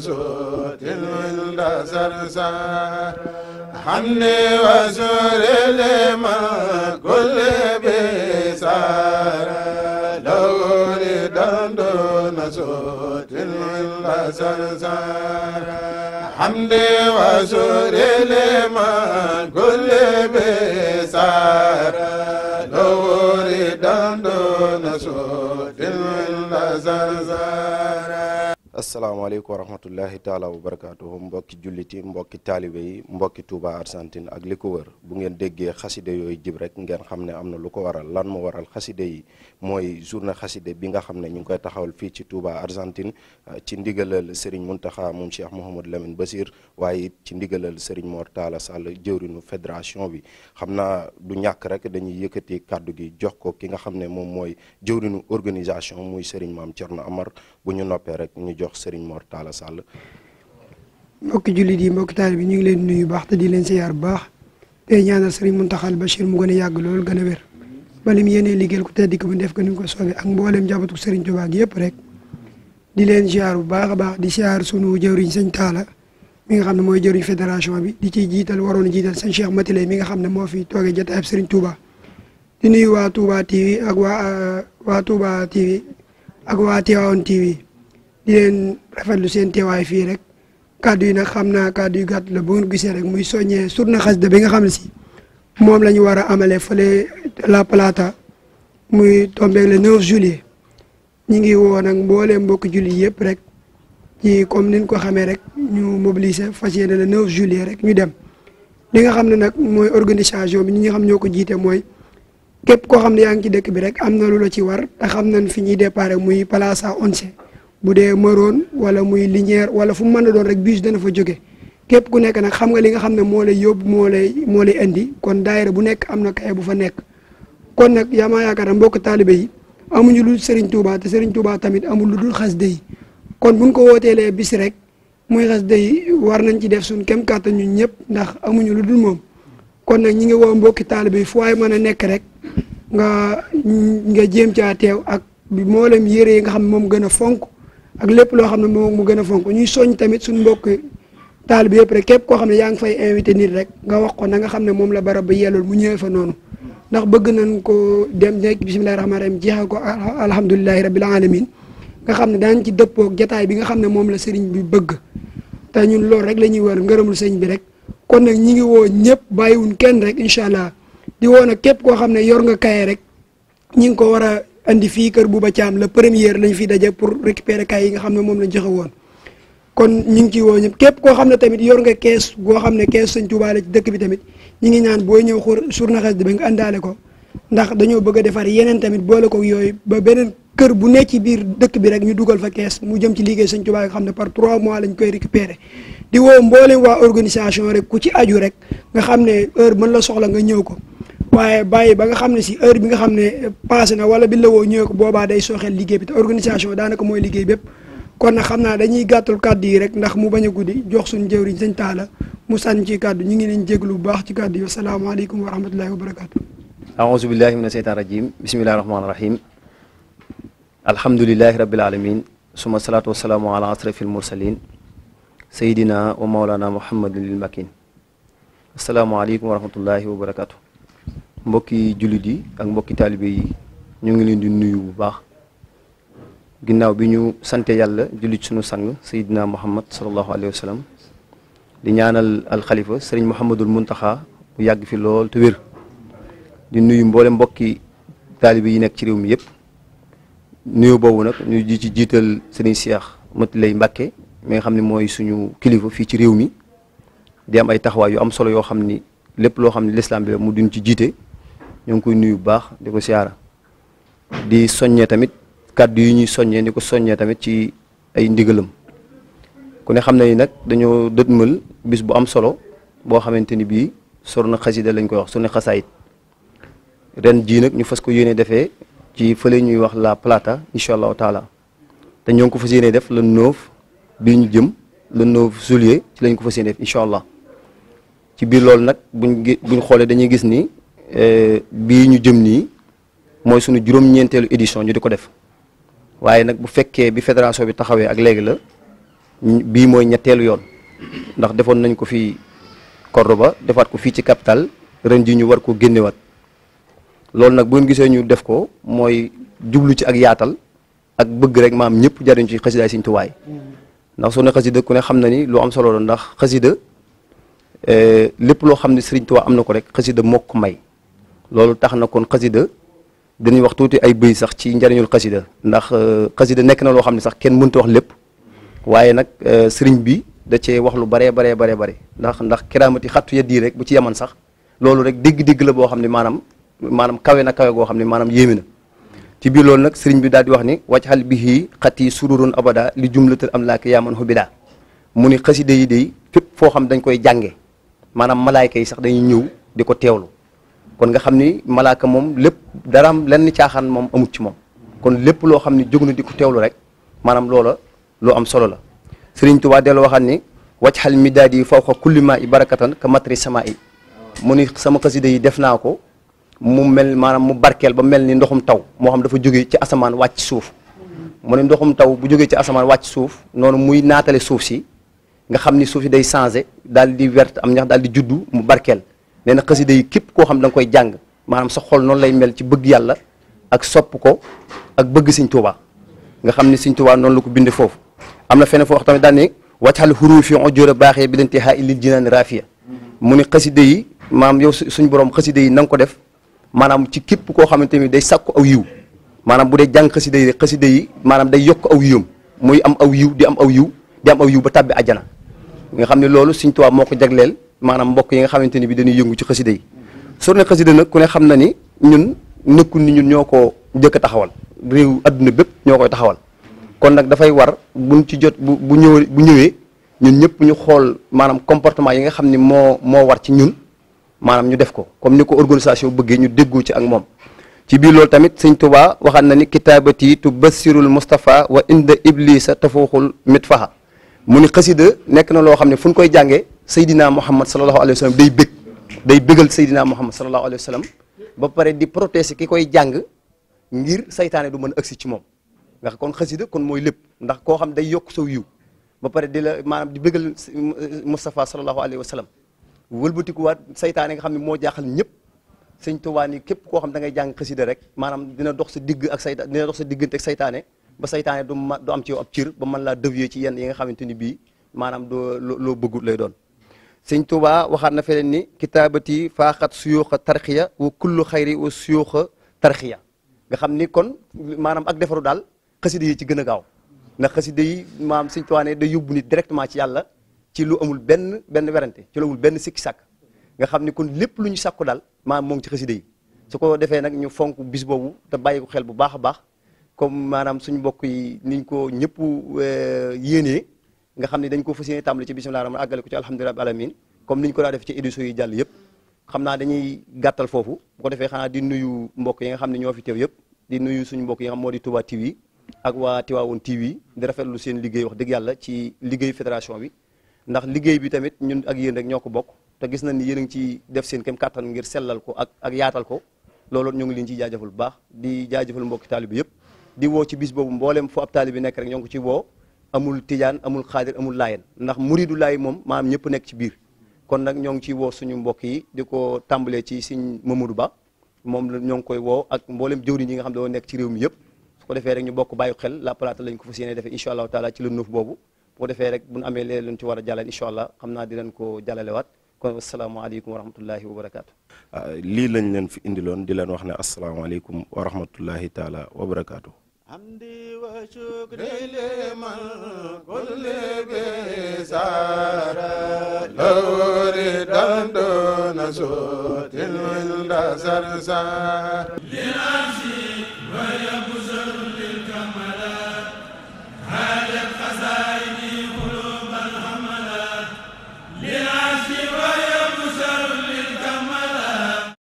صوت الولد سرسار حمدي وشور لما كل بيسار لو لدندون صوت الولد سرسار حمدي وشور لما كل بيسار asalaamaaleykum wa rahmatullahi taala wa barakaatuhu mbokki julliti mbokki taalibe yi mbokki Touba Argentine ak li ko wër bu ngeen déggee xaside yooyu jib rek ngeen xam ne am na lu ko waral lan moo waral xaside yi mooy journée xaside bi nga xam ne ñu ngi koy taxawal fii ci Touba Argentine ci ndigalal mun taxa moom Cheikh Mouhamadou Lamine Basir waaye it ci ndigalal Serigne Mor Talla Sall jëwrinu fédération bi xam naa du ñàkk rek dañuy yëkkati kàddu gi jox ko ki nga xam ne moom mooy jëwrinu organisation muy Serigne Maam Thierno Amar bu ñu noppee rek ñu jox Serigne moor Talla Sall. mbokki jullit yi mbokki taal bi ñu ngi leen di nuyu baax te di leen siyaar bu baax tey ñaanal Serigne Mountakha Bachir mu gën a yàgg lool gën a wér ba lim yéenee liggéeyal ku tedd ko def ko ni ko soobee ak mboolem jabatu Serigne Touba gi yëpp rek di leen siyaar bu baax a baax di siyaar sunu jëwriñ sëñ mi nga xam ne mooy jëriñ fédération bi di ciy jiital waroon jiital sëñ Cheikh Matilay mi nga xam ne moo fi toogee jotaay ab Serigne Touba di waa Touba TV ak waa euh, waa Touba TV di leen rafetlu seen teewaay fii rek kàddu yi nag xam naa kàddu yu gàtt la bu gisee rek muy soññee surna xasida bi nga xam ne si moom la ñu war a amalee fële La palaata muy tombeeg le 9 juillet ñu ngi woo nag mboolee mbokk jullit yëpp rek ci comme nin ko xamee rek ñu mobiliser fas yéene le 9 juillet rek ñu dem li nga xam ne nag mooy organisation bi ñi nga xam ñoo ko jiite mooy képp koo xam ne yaa ngi ci dëkk bi rek am na lu la ci war te xam nañ fi ñuy déparé muy Plaza Once bu dee Maroon wala muy Linière wala fu mu mën a doon rek bus dana fa jóge képp ku nekk nag xam nga li nga xam ne moo yóbbu moo lay indi kon daayira bu nekk am na kaye bu fa nekk kon nag yaa ma yaakaar mbokk taalibe yi amuñu lu Serigne Touba te Serigne tamit amul lu dul xasida yi kon buñ ko wooteelee bis rek muy xasida yi war nañ ci def suñ kem kàttan ñun ñëpp ndax amuñu lu dul kon nag ñi ngi woo mbokki taalibe yi fu mën a nekk rek nga nga jéem caa teew ak mboolem yére yi nga xam moom gën a fonk ak lépp loo xam ne moom mu gën a fonk ñuy soñ tamit suñ mbokk taal bi yëpp rek képp koo xam ne yaa ngi fay invité nit rek nga wax ko na nga xam ne moom la barab ba yellool mu ñëwee fa noonu ndax bëgg nañ ko dem nekk bisimilahi rahmaani rahim jeexal ko alhamdulilahi la alamin nga xam ne daañ ci dëppoog jataay bi nga xam ne moom la sëriñ bi bëgg te ñun loolu rek la ñuy war ngërëmul sëriñ bi rek kon nag ñi ngi woo ñëpp bàyyiwuñ kenn rek incha allah di woo nag képp koo xam ne yor nga kaye rek ñi ngi ko war andi fii kër Bouba Thiam la première lañ fi daje pour récupérer kay yi nga xam ne moom lañ joxe woon kon ñu ngi ciy woo ñëpp képp koo xam ne tamit yor nga kees goo xam ne kees sëñ Tuubaa la ci dëkk bi tamit ñu ngi ñaan booy ñëw xur journée xasida bi nga àndaale ko ndax dañoo bëgg defar yeneen tamit boole ko yooyu ba beneen kër bu nekk ci biir dëkk bi rek ñu dugal fa kees mu jëm ci liggéey sañ Tuubaa nga xam ne par trois mois lañ koy récupérer di woo mboolem waa organisation rek ku ci aju rek nga xam ne heure mën la soxla nga ñëw ko waaye bàyyi ba nga xam ne si heure bi nga xam ne passé na wala bi la woo ñëwee ko boobaa day sooxeel liggéey bi te organisation daanaka mooy liggéey bépp kon nag xam naa dañuy gàttal kàddu yi rek ndax mu bañ a guddi jox suñu jëwriñ sëñ Talla mu sànni ci kàddu ñu ngi leen jéglu bu baax ci kàddu yi asalaamaaleykum wa rahmatullahi wa barakaatu aouzu billahi mina sheytaan rajim bismillahi rahmaani rahim alhamdulilahi rabbil alamin suma salaatu wasalaamu ala asrafil mursalin sayidina wa maolana muhammadin lil makin asalaamaaleykum wa rahmatullahi wa barakatu mbokki jullit yi ak mbokki taalibe yi ñu ngi leen di nuyu bu baax ginnaaw bi ñu sante yàlla jullit suñu sang sayidina muhammad salallahu alayhi wa sallam di ñaanal alxalifa sëriñ muhammadul muntaxa mu yàgg fi lool te wér di nuyu mboole mbokki taalibe yi nekk ci réew mi yëpp nuyu boobu nag ñu ji ci jiital sëriñ Cheikh Matilay Mbàkke mi nga xam ne mooy suñu kilifa fii ci réew mi di am ay taxawaay yu am solo yoo xam ni lépp loo xam ne lislaam bi la mu duñ ci jiite ñoo ngi koy nuyu bu baax di ko siyaara di soññee tamit kàddu yi ñuy soññee di ko soññee tamit ci ay ndigalam ku ne xam na ni nag dañoo dëtmal bis bu am solo boo xamante ni bii sorna xasida lañ koy wax sorna xasaayit ren jii nag ñu fas ko yéene defee ci fële ñuy wax laa Plata incha allahu taala te ñoo ko fas yéene def la 9 bii ñu jëm le 9 juillet ci lañ ko fas yéene def incha allah ci biir loolu nag buñ buñ xoolee dañuy gis nii Eh, bii ñu jëm nii mooy sunu juróom-ñeenteelu édition ñu di ko def waaye nag bu fekkee bi fédération bi taxawee ak léegi la bii mooy ñetteelu yoon ndax defoon nañ ko fii fi ba defaat ko fii ci capital ren ji ñu war ko génnewaat loolu nag bu ngeen gisee ñu def ko mooy jublu ci ak yaatal ak bëgg rek maam ñëpp jariñ ci xasidaay Sëriñ Tuubaa ndax soo ne xasida ku ne xam na ni lu am solo la ndax xasida eh, lépp loo xam ne Sëriñ Tuubaa am na ko rek xasida mokk ko may loolu tax na kon xasida dañuy wax tuuti ay bëy sax ci njariñul xasida ndax euh, xasida nekk na loo xam ne sax kenn mënta wax lépp waaye nag euh, sëriñ bi da cee wax lu baree baree baree bare ndax ndax kiraamati xattu yeddi rek bu ci yaman sax loolu rek dégg-dégg la boo xam ne maanaam maanaam kawe na kawe goo xam ne maanaam yéemi na ci biir lool nag sëriñ bi daal di wax ni wàcc xal bihi xat yi sururun abada li jumlatal am laak yaaman xubida mu ni xasida yi day fépp foo xam dañ koy jànge maanaam malaayka yi sax dañuy ñëw di ko teewlu kon nga xam ni malaaka moom lépp daraam lenn caaxaan moom amut ci moom kon lépp loo xam ni jóg na di ko teewlu rek maanaam loola loo am solo la Sëriñ Tuubaa dellu waxaat ni wàcc xal midaad yi fawqa kulli maa i barakatan ka matri sama yi mu ni sama xasida yi def naa ko mu mel maanaam mu barkeel ba mel ni ndoxum taw moo xam dafa jóge ci asamaan wàcc suuf mu ne ndoxum taw bu jógee ci asamaan wàcc suuf noonu muy naatale suuf si nga xam ni suuf si day changé daal di wert am ñax daal di juddu mu barkeel nee na xasida yi képp koo xam da nga koy jàng maanaam sa xol noonu lay mel ci bëgg yàlla ak sopp ko ak bëgg Sëñ Tuubaa nga xam ne Sëñ Tuubaa noonu la ko bindee foofu am na feneen foo wax tamit daan ne wàccal xuruuf yi ujura baaxee bi leen te xaa ilil jinaan raafiya mu ni xasida yi maam yow suñ borom xasida yi na nga ko def maanaam ci képp koo xamante ni day sàkku aw yiw maanaam bu dee jàng xasida yi xasida yi maanaam day yokk aw yiwam muy am aw yiw di am aw yiw di am aw yiw ba tàbbi àjjana nga xam ne loolu Sëñ Tuubaa moo ko jagleel maanaam mbokk yi nga xamante ni bi dañuy yëngu ci xasida yi journée xasida nag ku ne xam na ni ñun nëkkul ni ñun ñoo ko jëkk taxawal réew adduna bépp ñoo koy taxawal kon nag dafay war buñ ci jot bu bu ñëwee bu ñëwee ñun ñëpp ñu xool maanaam comportement yi nga xam ni moo moo war ci ñun maanaam ñu def ko comme ni ko organisation bëggee ñu déggoo ci ak moom ci biir loolu tamit sëñ Tuubaa waxaat na ni kitaabati tu basirul Mustafa wa inda iblisa tafuuxul mitfaha mu ni xasida nekk na loo xam ne fu ñu koy jàngee Seydina Muhammad sallallahu alayhi wa sallam day bég day bégal Seydina Muhammad sallallahu alayhi wa sallam ba pare di protéger ki koy jàng ngir saytaane du mën a agsi ci moom ndax kon xasida kon mooy lépp ndax koo xam day yokk saw yiw ba pare di la maanaam di bégal Moustapha sallallahu alayhi wa sallam wëlbatikuwaat saytaane nga xam ne moo jaaxal ñëpp sëñ Tuubaa ni képp koo xam da ngay jàng xasida rek maanaam dina dox sa digg ak saytaane dina sa diggante saytaane ba saytaane du ma du am ci yow ab cir ba mën laa dévier ci yenn yi nga xamante ni bii maanaam doo loo bëggut lay doon sëñ Tuubaa waxaat na feneen ni kitaabati faaxat suyuuxa tarxiya wa kullu xayri wa suyuuxa tarxiya nga xam ni kon maanaam ak defaru daal xasida yi ci gën a gaaw ndax xasida yi maam sëñ Tuubaa ne day yóbbu nit directement ci yàlla ci lu amul benn benn werante ci lu amul benn sikki sàkk nga xam ni kon lépp lu ñu sàkku daal maam moo ngi ci xasida yi ko defee nag ñu fonk bis boobu te bàyyi ko bu baax a baax comme maanaam suñu mbokk yi niñ ko ñëpp euh, yéenee nga xam ne dañ ko fas yéene tàmbali ci bismillah rahmaan àggale ko ci alhamdulilah bi alamin comme niñ ko daa def ci édition yi jàll yëpp xam naa dañuy gàttal foofu bu ko defee xanaa di nuyu mbokk yi nga xam ne ñoo fi teew yëpp di nuyu suñu mbokk yi nga xam moo di Touba TV ak waa Tiwaawoon TV di rafetlu seen liggéey wax dëgg yàlla ci liggéey fédération bi ndax liggéey bi tamit ñun ak yéen rek ñoo ko bokk te gis nañ ni yéen a ngi ci def seen kem kàttan ngir sellal ko ak ak yaatal ko loolu ñu ngi leen ciy jaajëfal bu baax di jaajëfal mbokki taalibe yëpp di woo ci bis boobu mboolem fu ab taalibe bi nekk rek ñoo ngi ko ci woo amul tijaan amul xaadir amul laayen ndax muridu laay moom maam ñëpp nekk ci biir kon nag ñoo ngi ciy woo suñu mbokk yi di ko tàmbalee ci Sëñ Mamadou Ba moom la ñoo ngi koy woo ak mboolem jëwriñ yi nga xam ne woo nekk ci réew mi yëpp su ko defee rek ñu bokk bàyyi xel la plata lañ ko fas yéene defee incha allahu taala ci la nuuf boobu bu ko defee rek bu ñu amee leen luñ ci war a jàllale incha allah xam naa di ko jàllalewaat kon asalaamaaleykum wa rahmatullahi wa ah, lii lañ leen fi indiloon di leen wax ne asalaamaaleykum wa rahmatullahi taala wa barakaatu. حمدي وشكري لمن كل بسارة لو ردان دون صوت الولد سرسار